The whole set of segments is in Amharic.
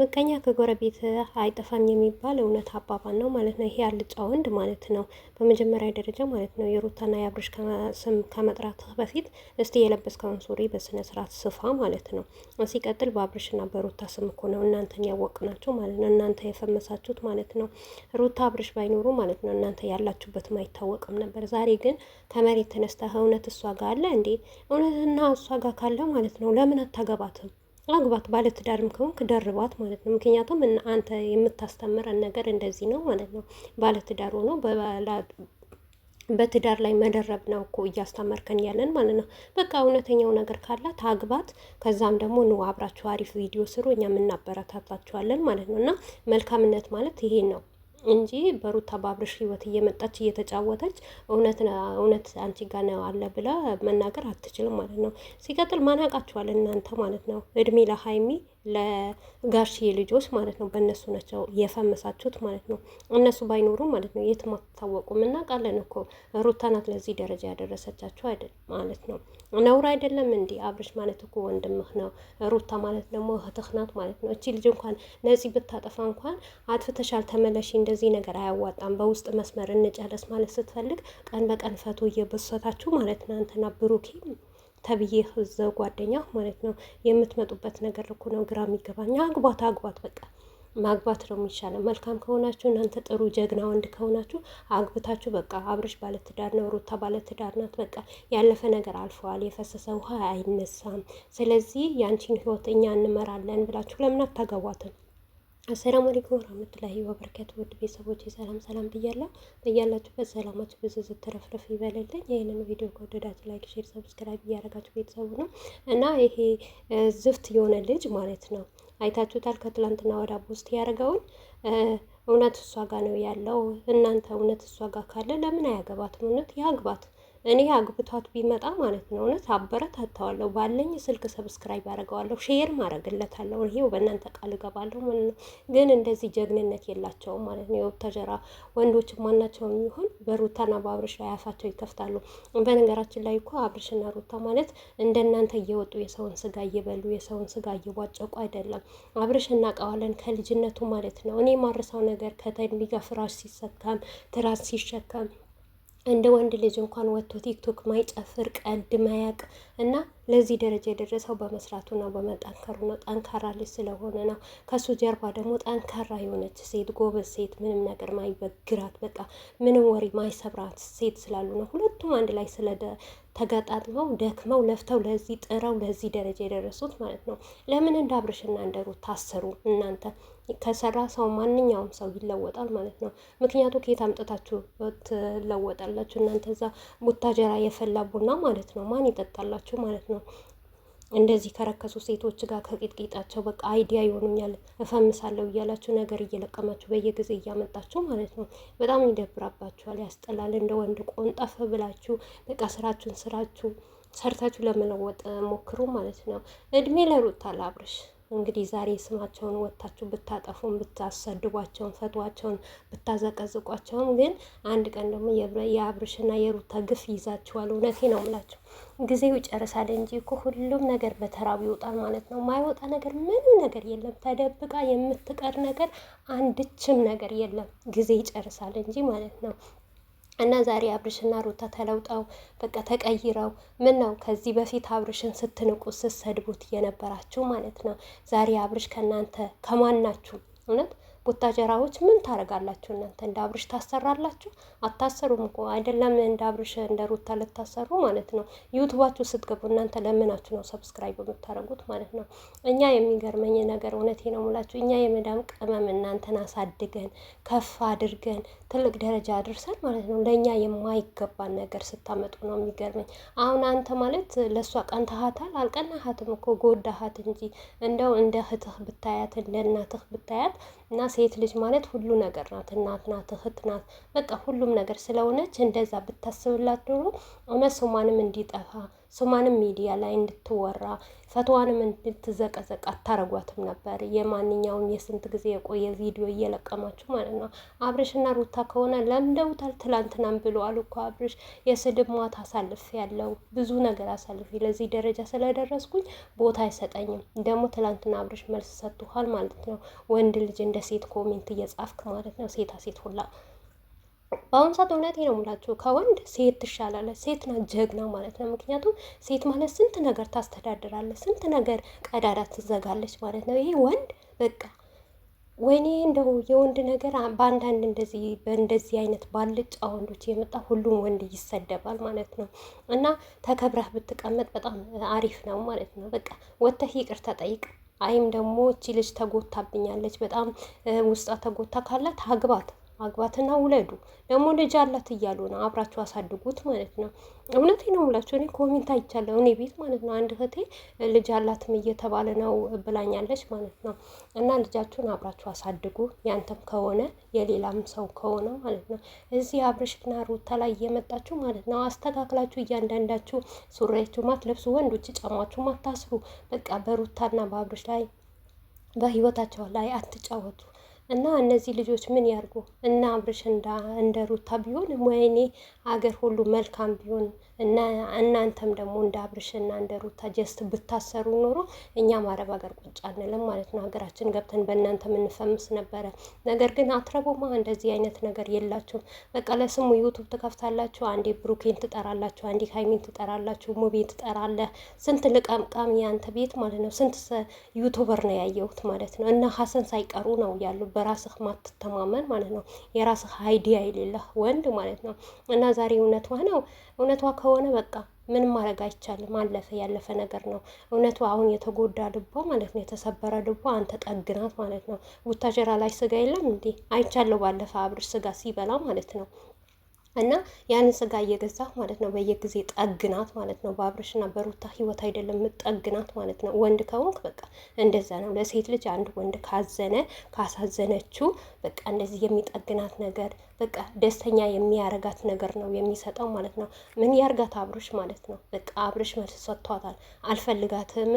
ምቀኛ ከጎረቤት አይጠፋም የሚባል እውነት አባባል ነው ማለት ነው። ይሄ አልጫ ወንድ ማለት ነው። በመጀመሪያ ደረጃ ማለት ነው የሩታና የአብርሽ ስም ከመጥራት በፊት እስቲ የለበስከውን ሱሪ በስነ ስርዓት ስፋ ማለት ነው። ሲቀጥል በአብርሽና በሩታ ስም እኮ ነው እናንተን ናቸው ማለት ነው። እናንተ የፈመሳችሁት ማለት ነው። ሩታ አብርሽ ባይኖሩ ማለት ነው እናንተ ያላችሁበት አይታወቅም ነበር። ዛሬ ግን ከመሬት ተነስተህ እውነት እሷ ጋር አለ እንዴ? እውነትና እሷ ጋር ካለ ማለት ነው ለምን አታገባትም? አግባት ባለትዳርም ከሆንክ ደርባት ማለት ነው። ምክንያቱም አንተ የምታስተምረን ነገር እንደዚህ ነው ማለት ነው። ባለትዳር ሆኖ በትዳር ላይ መደረብ ነው እኮ እያስተመርከን ያለን ማለት ነው። በቃ እውነተኛው ነገር ካላት አግባት። ከዛም ደግሞ ኑ አብራችሁ አሪፍ ቪዲዮ ስሩ፣ እኛም እናበረታታችኋለን ማለት ነው። እና መልካምነት ማለት ይሄን ነው። እንጂ በሩታ ባብርሽ ህይወት እየመጣች እየተጫወተች እውነት እውነት አንቺ ጋ ነው አለ ብላ መናገር አትችልም ማለት ነው። ሲቀጥል ማን ያውቃችኋል እናንተ ማለት ነው እድሜ ለሀይሚ ለጋሽዬ ልጆች ማለት ነው። በእነሱ ናቸው የፈመሳችሁት ማለት ነው። እነሱ ባይኖሩ ማለት ነው የትም አትታወቁም። እናውቃለን እኮ ሩታ ናት ለዚህ ደረጃ ያደረሰቻችሁ አይደል ማለት ነው። ነውር አይደለም እንዲህ አብርሽ ማለት እኮ ወንድምህ ነው። ሩታ ማለት ደግሞ እህትህ ናት ማለት ነው። እቺ ልጅ እንኳን ነፂ ብታጠፋ እንኳን አጥፍተሻል፣ ተመለሺ፣ እንደዚህ ነገር አያዋጣም፣ በውስጥ መስመር እንጨረስ ማለት ስትፈልግ ቀን በቀን ፈቶ እየበሰታችሁ ማለት ነው አንተና ብሩኬ ተብዬ እዛው ጓደኛ ማለት ነው የምትመጡበት ነገር እኮ ነው ግራ የሚገባኝ። አግባት አግባት በቃ ማግባት ነው የሚሻለው። መልካም ከሆናችሁ እናንተ ጥሩ ጀግና ወንድ ከሆናችሁ አግብታችሁ በቃ አብረሽ ባለትዳር ነው፣ ሩታ ባለትዳር ናት። በቃ ያለፈ ነገር አልፈዋል። የፈሰሰ ውሃ አይነሳም። ስለዚህ ያንቺን ህይወት እኛ እንመራለን ብላችሁ ለምን አታገቧትም? አሰላሙ አለይኩም ወራህመቱላሂ ወበረካቱ ውድ ቤተሰቦች ሰላም ሰላም ብያለሁ። በያላችሁበት ሰላማችሁ ብዙ ዝትረፍረፍ ይበልልኝ። ይህንን ቪዲዮ ከወደዳችሁ ላይክ፣ ሼር፣ ሰብስክራይብ እያደረጋችሁ ቤተሰቡ ነው እና ይሄ ዝፍት የሆነ ልጅ ማለት ነው አይታችሁታል። ከትላንትና ወዳ ፖስት ያደረገውን እውነት እሷ ጋር ነው ያለው። እናንተ እውነት እሷ ጋር ካለ ለምን አያገባትም? እውነት ያግባት። እኔ አግብቷት ቢመጣ ማለት ነው እውነት አበረታታዋለሁ። ባለኝ ስልክ ሰብስክራይብ አደርገዋለሁ፣ ሼር ማድረግለታለሁ። ይሄው በእናንተ ቃል እገባለሁ ማለት ነው። ግን እንደዚህ ጀግንነት የላቸውም ማለት ነው። የወታጀራ ወንዶች ማናቸውም ይሁን በሩታና በአብርሽ ላይ አፋቸው ይከፍታሉ። በነገራችን ላይ እኮ አብርሽና ሩታ ማለት እንደናንተ እየወጡ የሰውን ስጋ እየበሉ የሰውን ስጋ እየቧጨቁ አይደለም። አብርሽ እናውቀዋለን ከልጅነቱ ማለት ነው። እኔ ማረሳው ነገር ከተሚጋ ፍራሽ ሲሰካም ትራስ ሲሸከም እንደ ወንድ ልጅ እንኳን ወጥቶ ቲክቶክ ማይጨፍር ቀልድ ማያቅ እና ለዚህ ደረጃ የደረሰው በመስራቱና ነው። ጠንካራ ልጅ ስለሆነ ነው። ከሱ ጀርባ ደግሞ ጠንካራ የሆነች ሴት፣ ጎበዝ ሴት፣ ምንም ነገር ማይበግራት በቃ ምንም ወሬ ማይሰብራት ሴት ስላሉ ነው። ሁለቱም አንድ ላይ ስለ ተገጣጥመው ደክመው ለፍተው ለዚህ ጥረው ለዚህ ደረጃ የደረሱት ማለት ነው። ለምን እንደ አብርሽና እንደ ሩት ታሰሩ? እናንተ ከሰራ ሰው ማንኛውም ሰው ይለወጣል ማለት ነው። ምክንያቱ ከየት አምጥታችሁ ትለወጣላችሁ? እናንተ እዛ ቡታጀራ የፈላ ቡና ማለት ነው ማን ይጠጣላችሁ ማለት ነው። ነው። እንደዚህ ከረከሱ ሴቶች ጋር ከቂጥቂጣቸው በቃ አይዲያ ይሆኑኛል እፈምሳለሁ እያላችሁ ነገር እየለቀማችሁ በየጊዜ እያመጣችሁ ማለት ነው። በጣም ይደብራባችኋል፣ ያስጠላል። እንደ ወንድ ቆንጠፍ ብላችሁ በቃ ስራችሁን ስራችሁ ሰርታችሁ ለመለወጥ ሞክሩ ማለት ነው። እድሜ ለሩታ ለአብርሽ እንግዲህ ዛሬ ስማቸውን ወጥታችሁ ብታጠፉም ብታሰድቧቸውን ፈቷቸውን ብታዘቀዝቋቸውም ግን አንድ ቀን ደግሞ የአብርሽና የሩታ ግፍ ይዛችኋል። እውነቴ ነው ምላቸው ጊዜው ይጨርሳል እንጂ እኮ ሁሉም ነገር በተራው ይወጣል ማለት ነው። ማይወጣ ነገር ምንም ነገር የለም። ተደብቃ የምትቀር ነገር አንድችም ነገር የለም። ጊዜ ይጨርሳል እንጂ ማለት ነው። እና ዛሬ አብርሽና ሩታ ተለውጠው በቃ ተቀይረው ምን ነው ከዚህ በፊት አብርሽን ስትንቁ ስትሰድቡት እየነበራችሁ ማለት ነው። ዛሬ አብርሽ ከእናንተ ከማናችሁ እውነት ቡታጀራዎች ምን ታደርጋላችሁ እናንተ? እንደ አብርሽ ታሰራላችሁ? አታሰሩም እኮ አይደለም። እንደ አብርሽ እንደ ሩታ ልታሰሩ ማለት ነው። ዩቱባችሁ ስትገቡ እናንተ ለምናችሁ ነው ሰብስክራይብ የምታደርጉት ማለት ነው። እኛ የሚገርመኝ ነገር እውነቴ ነው ሙላችሁ፣ እኛ የመዳም ቅመም እናንተን አሳድገን ከፍ አድርገን ትልቅ ደረጃ አድርሰን ማለት ነው። ለእኛ የማይገባን ነገር ስታመጡ ነው የሚገርመኝ። አሁን አንተ ማለት ለእሷ ቀንተሃታል? አልቀናሃትም እኮ ጎዳሃት እንጂ እንደው እንደ እህትህ ብታያት እንደ እናትህ ብታያት እና ሴት ልጅ ማለት ሁሉ ነገር ናት። እናት ናት፣ እህት ናት፣ በቃ ሁሉም ነገር ስለሆነች እንደዛ ብታስብላት ኖሮ እውነት ሰው ማንም እንዲጠፋ ስሟንም ሚዲያ ላይ እንድትወራ ፈትዋንም እንድትዘቀዘቅ አታረጓትም ነበር። የማንኛውም የስንት ጊዜ የቆየ ቪዲዮ እየለቀማችሁ ማለት ነው። አብርሽና ሩታ ከሆነ ለምደውታል። ትላንትናም ብለዋል እኮ አብርሽ የስድብ ሟት አሳልፍ ያለው ብዙ ነገር አሳልፍ ለዚህ ደረጃ ስለደረስኩኝ ቦታ አይሰጠኝም። ደግሞ ትላንትና አብርሽ መልስ ሰጥቷል ማለት ነው። ወንድ ልጅ እንደ ሴት ኮሜንት እየጻፍክ ማለት ነው። ሴታ ሴት ሁላ በአሁኑ ሰዓት እውነቴ ነው የምላችሁ ከወንድ ሴት ትሻላለች። ሴት ጀግና ማለት ነው። ምክንያቱም ሴት ማለት ስንት ነገር ታስተዳድራለች፣ ስንት ነገር ቀዳዳ ትዘጋለች ማለት ነው። ይሄ ወንድ በቃ ወይኔ እንደው የወንድ ነገር በአንዳንድ እንደዚህ በእንደዚህ አይነት ባልጫ ወንዶች የመጣ ሁሉም ወንድ ይሰደባል ማለት ነው። እና ተከብረህ ብትቀመጥ በጣም አሪፍ ነው ማለት ነው። በቃ ወጥተህ ይቅርታ ጠይቅ። አይም ደግሞ እቺ ልጅ ተጎታብኛለች፣ በጣም ውስጧ ተጎታ ካላት አግባት። አግባትና ውለዱ። ደግሞ ልጅ አላት እያሉ ነው አብራችሁ አሳድጉት ማለት ነው። እውነቴ ነው ሙላችሁ። እኔ ኮሜንት አይቻለሁ እኔ ቤት ማለት ነው። አንድ እህቴ ልጅ አላትም እየተባለ ነው ብላኛለች ማለት ነው። እና ልጃችሁን አብራችሁ አሳድጉ፣ ያንተም ከሆነ የሌላም ሰው ከሆነ ማለት ነው። እዚህ አብርሽና ሩታ ላይ እየመጣችሁ ማለት ነው አስተካክላችሁ፣ እያንዳንዳችሁ ሱሪያችሁ ማትለብሱ ወንዶች ጫማችሁ ማታስሩ። በቃ በሩታና በአብርሽ ላይ በህይወታቸው ላይ አትጫወቱ። እና እነዚህ ልጆች ምን ያርጉ እና አብርሽ እንደ ሩታ ቢሆን ወይኔ አገር ሁሉ መልካም ቢሆን እና እናንተም ደግሞ እንደ አብርሽና እንደ ሩታ ጀስት ብታሰሩ ኖሮ እኛም አረብ ሀገር ቁጭ አንልም ማለት ነው። ሀገራችን ገብተን በእናንተ የምንፈምስ ነበረ። ነገር ግን አትረቦማ እንደዚህ አይነት ነገር የላችሁም። በቃ ለስሙ ዩቱብ ትከፍታላችሁ። አንዴ ብሩኬን ትጠራላችሁ፣ አንዴ ሀይሚን ትጠራላችሁ፣ ሙቤን ትጠራለህ። ስንት ልቀምቃም ያንተ ቤት ማለት ነው። ስንት ዩቱበር ነው ያየሁት ማለት ነው። እና ሀሰን ሳይቀሩ ነው ያሉ በራስህ ማትተማመን ማለት ነው። የራስህ አይዲያ የሌለህ ወንድ ማለት ነው። እና ዛሬ እውነት ነው እውነቷ ከሆነ በቃ ምንም ማድረግ አይቻልም። አለፈ ያለፈ ነገር ነው። እውነቱ አሁን የተጎዳ ልቦ ማለት ነው የተሰበረ ልቦ አንተ ጠግናት ማለት ነው። ቡታጀራ ላይ ስጋ የለም እንዴ? አይቻለሁ ባለፈ አብርሽ ስጋ ሲበላ ማለት ነው። እና ያን ስጋ እየገዛሁ ማለት ነው በየጊዜ ጠግናት ማለት ነው። በአብርሽና በሩታ ህይወት አይደለም የምጠግናት ማለት ነው። ወንድ ከሆንክ በቃ እንደዛ ነው። ለሴት ልጅ አንድ ወንድ ካዘነ ካሳዘነችው በቃ እንደዚህ የሚጠግናት ነገር በቃ ደስተኛ የሚያረጋት ነገር ነው የሚሰጠው ማለት ነው። ምን ያርጋት አብርሽ ማለት ነው። በቃ አብርሽ መልስ ሰጥቷታል። አልፈልጋትም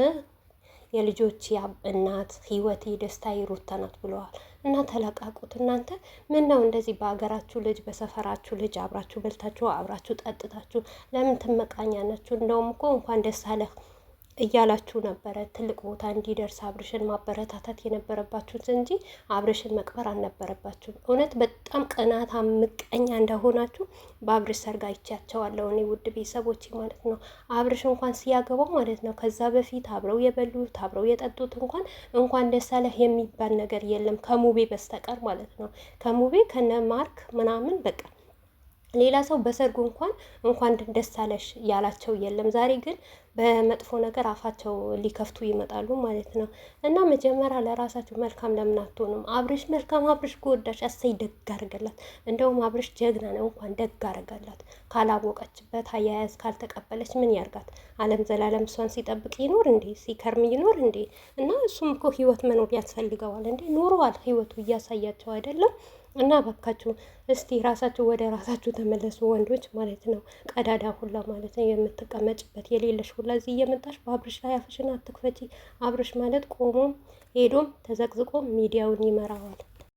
የልጆች እናት ህይወቴ፣ ደስታ ሩታ ናት ብለዋል እና ተለቃቁት እናንተ ምን ነው እንደዚህ በሀገራችሁ ልጅ በሰፈራችሁ ልጅ አብራችሁ በልታችሁ አብራችሁ ጠጥታችሁ ለምን ናችሁ? እንደውም እኮ እንኳን ደስ አለህ እያላችሁ ነበረ። ትልቅ ቦታ እንዲደርስ አብርሽን ማበረታታት የነበረባችሁት እንጂ አብርሽን መቅበር አልነበረባችሁም። እውነት በጣም ቅናታ ምቀኛ እንደሆናችሁ በአብርሽ ሰርግ አይቻቸዋለሁ እኔ ውድ ቤተሰቦች ማለት ነው። አብርሽ እንኳን ሲያገባው ማለት ነው ከዛ በፊት አብረው የበሉት አብረው የጠጡት እንኳን እንኳን ደስ አለህ የሚባል ነገር የለም ከሙቤ በስተቀር ማለት ነው። ከሙቤ ከነ ማርክ ምናምን በቃ ሌላ ሰው በሰርጉ እንኳን እንኳን ደስ አለሽ ያላቸው የለም። ዛሬ ግን በመጥፎ ነገር አፋቸው ሊከፍቱ ይመጣሉ ማለት ነው። እና መጀመሪያ ለራሳቸው መልካም ለምን አትሆኑም? አብርሽ መልካም አብርሽ ጎዳሽ፣ አሰይ ደግ አርገላት። እንደውም አብርሽ ጀግና ነው፣ እንኳን ደግ አርገላት። ካላወቀችበት አያያዝ ካልተቀበለች ምን ያርጋት? አለም ዘላለም እሷን ሲጠብቅ ይኖር እንዴ? ሲከርም ይኖር እንዴ? እና እሱም እኮ ህይወት መኖር ያስፈልገዋል እንዴ? ኖረዋል፣ ህይወቱ እያሳያቸው አይደለም እና በካችሁ እስቲ ራሳችሁ ወደ ራሳችሁ ተመለሱ፣ ወንዶች ማለት ነው። ቀዳዳ ሁላ ማለት ነው የምትቀመጭበት የሌለሽ ሁላ ብላዚህ እየመጣሽ በአብርሽ ላይ አፍሽን አትክፈቲ። አብርሽ ማለት ቆሞም ሄዶም ተዘቅዝቆ ሚዲያውን ይመራዋል።